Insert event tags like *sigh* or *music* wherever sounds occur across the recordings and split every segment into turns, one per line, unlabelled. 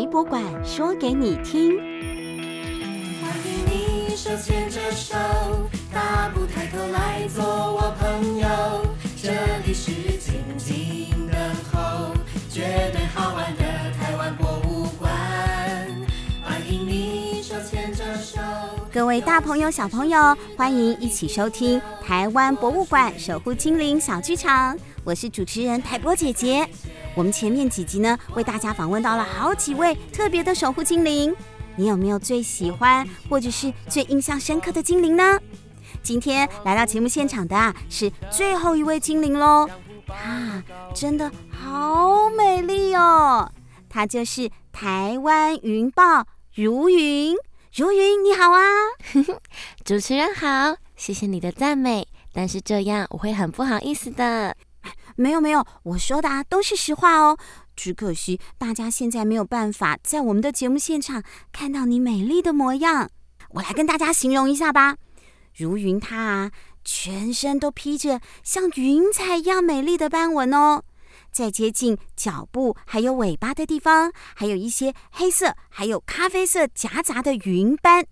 台博館說給你聽。歡迎你手牽着手，大步抬頭來做我朋友。這裡是靜靜的後，絕對好玩的台灣博物館。歡迎你手牽着手。各位大朋友、小朋友，歡迎一起收聽《台灣博物館守護精靈小劇場》，我是主持人台博姐姐。我們前面幾集呢，為大家訪問到了好幾位特別的守護精靈。你有沒有最喜歡或者是最印象深刻的精靈呢？今天來到節目現場的啊，是最後一位精靈嘍，啊，真的好美麗哦！它就是台灣雲豹如雲。如雲你好啊。主持人好，謝謝你的讚美，但是這樣我會很不好意思的。沒有沒有，我說的啊都是實話哦。只可惜大家現在沒有辦法在我們的節目現場看到你美麗的模樣，我來跟大家形容一下吧。如雲，它啊，全身都披着像雲彩一樣美麗的斑紋哦，在接近腳部還有尾巴的地方，還有一些黑色還有咖啡色夾雜的雲斑。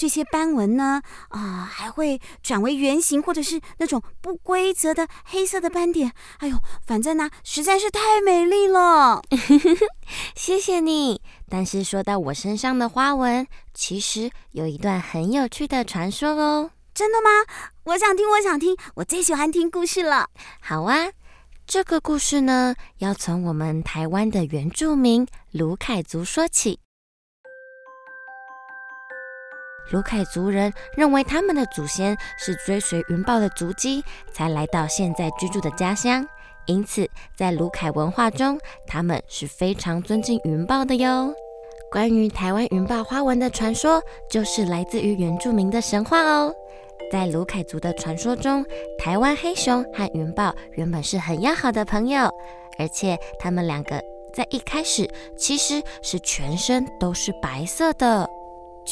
這些斑紋呢，啊、呃，還會轉為圓形，或者是那種不規則的黑色的斑點。哎呦，反正呢、啊，實在是太美麗了。 *laughs* 謝謝你。但是說到我身上的花紋，其實有一段很有趣的傳說哦。真的嗎？我想聽，我想聽，我最喜歡聽故事了。好啊，這個故事呢，要從我們台灣的原住民魯凱族說起。魯凱族人認為他們的祖先是追隨雲豹的足跡，才來到現在居住的家鄉。因此，在魯凱文化中，他們是非常尊敬雲豹的喲。關於台灣雲豹花紋的傳說，就是來自於原住民的神話哦。在魯凱族的傳說中，台灣黑熊和雲豹原本是很要好的朋友，而且他們兩個在一開始其實是全身都是白色的。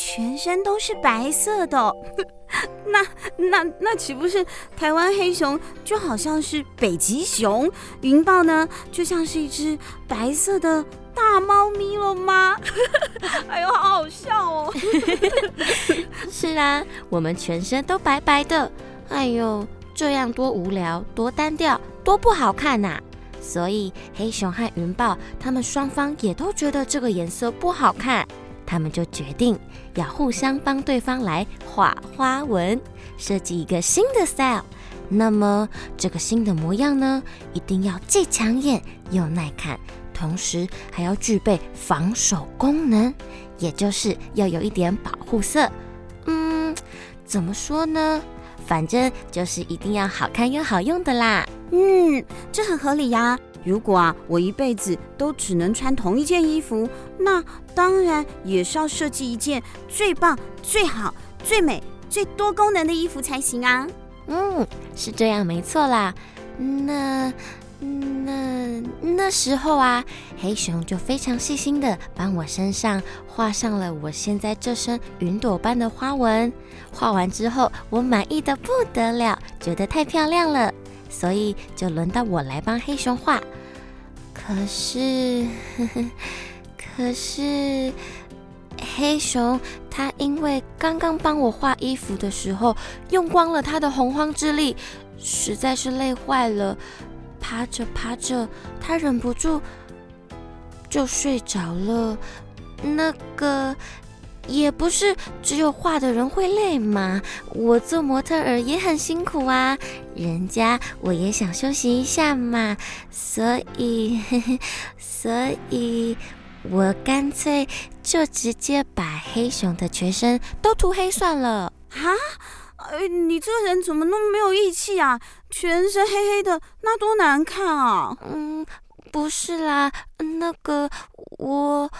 全身都是白色的哦 *laughs* 那，那那那豈不是台灣黑熊就好像是北極熊，雲豹呢就像是一隻白色的大貓咪了嗎？ *laughs* 哎呦，好好笑哦！ *laughs* *laughs* 是啊，我們全身都白白的，哎呦，這樣多無聊，多單調，多不好看吶，啊！所以黑熊和雲豹他們雙方也都覺得這個顏色不好看。他們就決定要互相幫對方來畫花紋，設計一個新的 style。那麼這個新的模樣呢，一定要既搶眼又耐看，同時還要具備防守功能，也就是要有一點保護色。嗯，怎麼說呢？反正就是一定要好看又好用的啦。嗯，這很合理呀。如果啊，我一輩子都只能穿同一件衣服，那當然也是要設計一件最棒、最好、最美、最多功能的衣服才行啊。嗯，是這樣沒錯啦。那。那那時候啊，黑熊就非常細心地幫我身上畫上了我現在這身雲朵般的花紋。畫完之後，我滿意得不得了，覺得太漂亮了，所以就輪到我來幫黑熊畫。可是，呵呵可是黑熊他因為剛剛幫我畫衣服的時候，用光了他的洪荒之力，實在是累壞了。趴着趴着，他忍不住就睡着了。那個也不是只有畫的人會累嘛，我做模特兒也很辛苦啊，人家我也想休息一下嘛，所以呵呵所以，我乾脆就直接把黑熊的全身都塗黑算了。啊、呃，你這個人怎麼那麼沒有義氣啊！全身黑黑的，那多難看啊！嗯，不是啦，那個我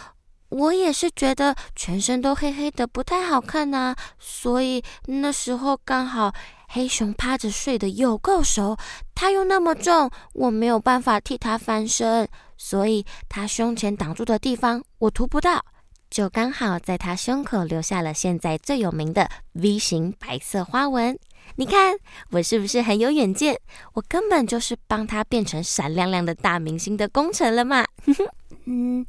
我也是覺得全身都黑黑的不太好看吶、啊。所以那時候剛好黑熊趴着睡得有夠熟，它又那麼重，我沒有辦法替它翻身，所以它胸前擋住的地方我塗不到，就剛好在它胸口留下了現在最有名的 V 型白色花紋。你看我是不是很有遠見？我根本就是幫他變成閃亮亮的大明星的功臣了嘛！ *laughs* 嗯，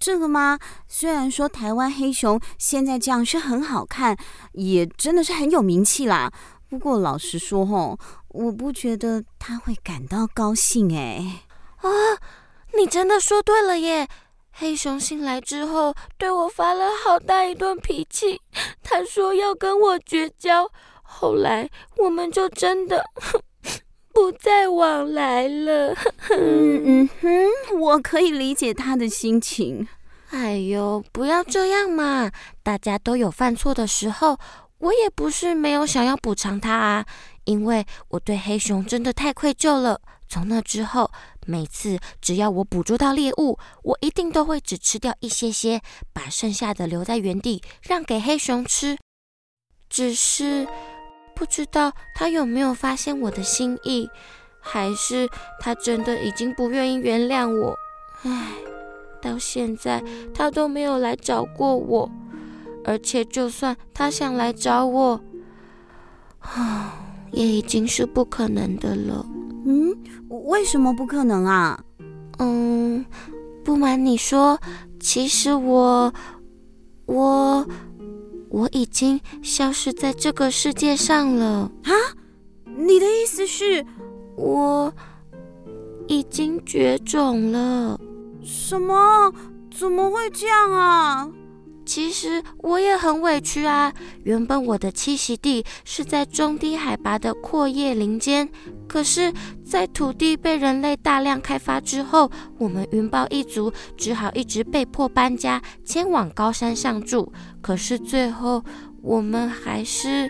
這個嘛，雖然說台灣黑熊現在這樣是很好看，也真的是很有名氣啦。不過老實說吼、哦，我不覺得他會感到高興哎、欸。啊、哦，你真的說對了耶！黑熊醒來之後對我發了好大一頓脾氣，他說要跟我絕交。後來我們就真的不再往來了。嗯哼，我可以理解他的心情。哎呦，不要這樣嘛！大家都有犯錯的時候，我也不是沒有想要補償他啊。因為我對黑熊真的太愧疚了。從那之後，每次只要我捕捉到獵物，我一定都會只吃掉一些些，把剩下的留在原地，讓給黑熊吃。只是。不知道他有沒有發現我的心意，還是他真的已經不願意原諒我？唉，到現在他都沒有來找過我，而且就算他想來找我，也已經是不可能的了。嗯，為什麼不可能啊？嗯，不瞞你說，其實我，我。我已經消失在這個世界上了啊！你的意思是，我已經絕種了？什麼？怎麼會這樣啊？其實我也很委屈啊！原本我的棲息地是在中低海拔的闊葉林間，可是，在土地被人類大量開發之後，我們雲豹一族只好一直被迫搬家，遷往高山上住。可是最後，我們還是……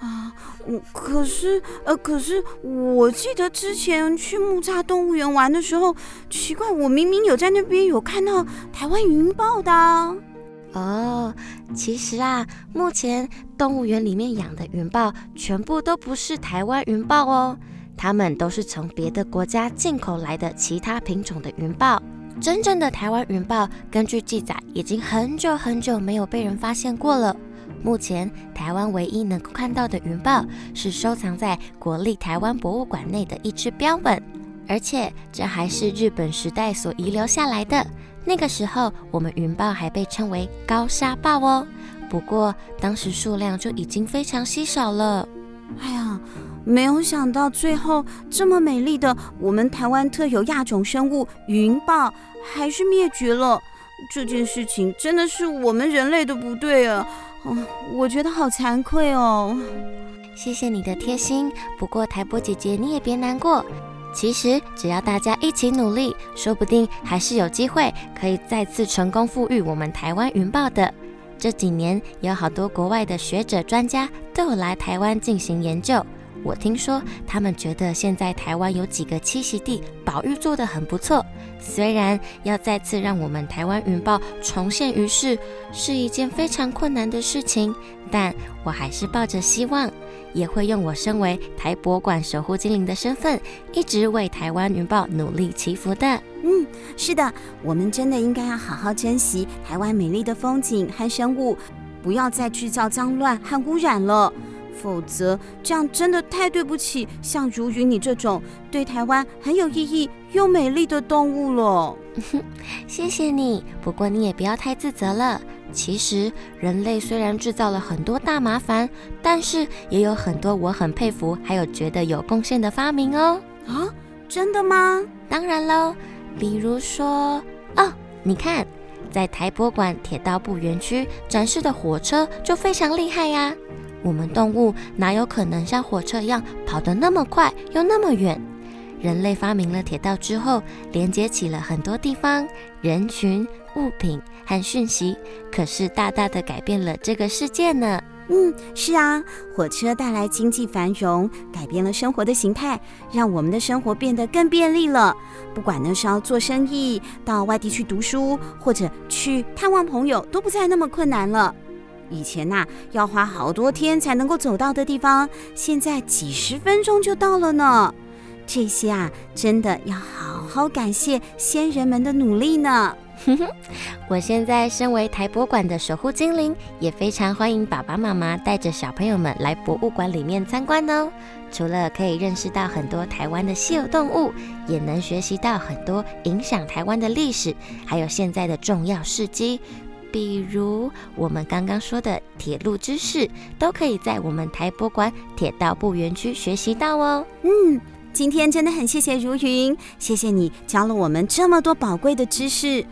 啊我，可是，呃，可是我記得之前去木柵動物園玩的時候，奇怪，我明明有在那邊有看到台灣雲豹的啊！哦，其實啊，目前動物園裡面養的雲豹全部都不是台灣雲豹哦，它們都是從別的國家進口來的其他品種的雲豹。真正的台灣雲豹，根據記載，已經很久很久沒有被人發現過了。目前台灣唯一能夠看到的雲豹，是收藏在國立台灣博物館內的一隻標本。而且這還是日本時代所遺留下來的。那個時候，我們雲豹還被稱為高砂豹哦。不過當時數量就已經非常稀少了。哎呀，沒有想到最後這麼美麗的我們台灣特有亞種生物雲豹還是滅絕了。這件事情真的是我們人類的不對啊！哦，我覺得好慚愧哦。謝謝你的貼心。不過台波姐姐，你也別難過。其實，只要大家一起努力，說不定還是有機會可以再次成功復育我們台灣雲豹的。這幾年，有好多國外的學者專家都有來台灣進行研究。我聽說，他們覺得現在台灣有幾個棲息地保育做得很不錯。雖然要再次讓我們台灣雲豹重現於世是一件非常困難的事情，但我還是抱着希望。也會用我身為台博館守護精靈的身份，一直為台灣雲豹努力祈福的。嗯，是的，我們真的應該要好好珍惜台灣美麗的風景和生物，不要再制造髒亂和汙染了，否則這樣真的太對不起像如雲你這種對台灣很有意義又美麗的動物了。 *laughs* 謝謝你，不過你也不要太自責了。其實，人類雖然製造了很多大麻煩，但是也有很多我很佩服，還有覺得有貢獻的發明哦。啊、哦，真的嗎？當然嘍，比如說，哦，你看，在台博館鐵道部園區展示的火車就非常厲害呀，啊。我們動物哪有可能像火車一樣跑得那麼快又那麼遠？人類發明了鐵道之後，連接起了很多地方，人群、物品。和訊息，可是大大的改變了這個世界呢。嗯，是啊，火車帶來經濟繁榮，改變了生活的形態，讓我們的生活變得更便利了。不管那是要做生意，到外地去讀書，或者去探望朋友，都不再那麼困難了。以前吶、啊，要花好多天才能夠走到的地方，現在幾十分鐘就到了呢。這些啊，真的要好好感謝先人們的努力呢。哼哼，我現在身為台博館的守護精靈，也非常歡迎爸爸媽媽帶着小朋友們來博物館裡面參觀哦。除了可以認識到很多台灣的稀有動物，也能學習到很多影響台灣的歷史，還有現在的重要事蹟，比如我們剛剛說的鐵路知識，都可以在我們台博館鐵道部園區學習到哦。嗯。今天真的很謝謝如雲，謝謝你教了我們這麼多寶貴的知識。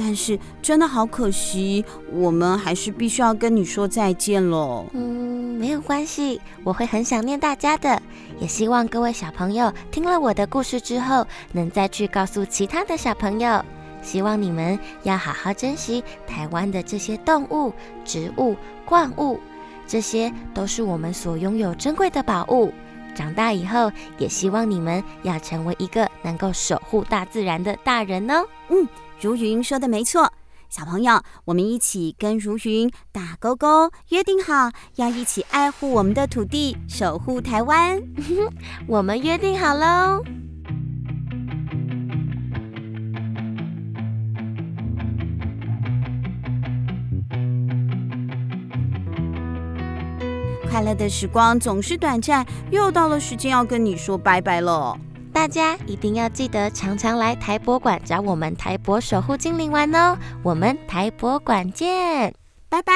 但是真的好可惜，我們還是必須要跟你說再見嘍。嗯，沒有關係，我會很想念大家的。也希望各位小朋友聽了我的故事之後，能再去告訴其他的小朋友。希望你們要好好珍惜台灣的這些動物、植物、礦物，這些都是我們所擁有珍貴的寶物。長大以後，也希望你們要成為一個能夠守護大自然的大人哦。嗯，如雲說的沒錯，小朋友，我們一起跟如雲打勾勾，約定好要一起愛護我們的土地，守護台灣。 *laughs* 我們約定好嘍。快樂的時光總是短暫，又到了時間要跟你說拜拜囉。大家一定要記得常常來台博館找我們台博守護精靈玩哦。我們台博館見，拜拜。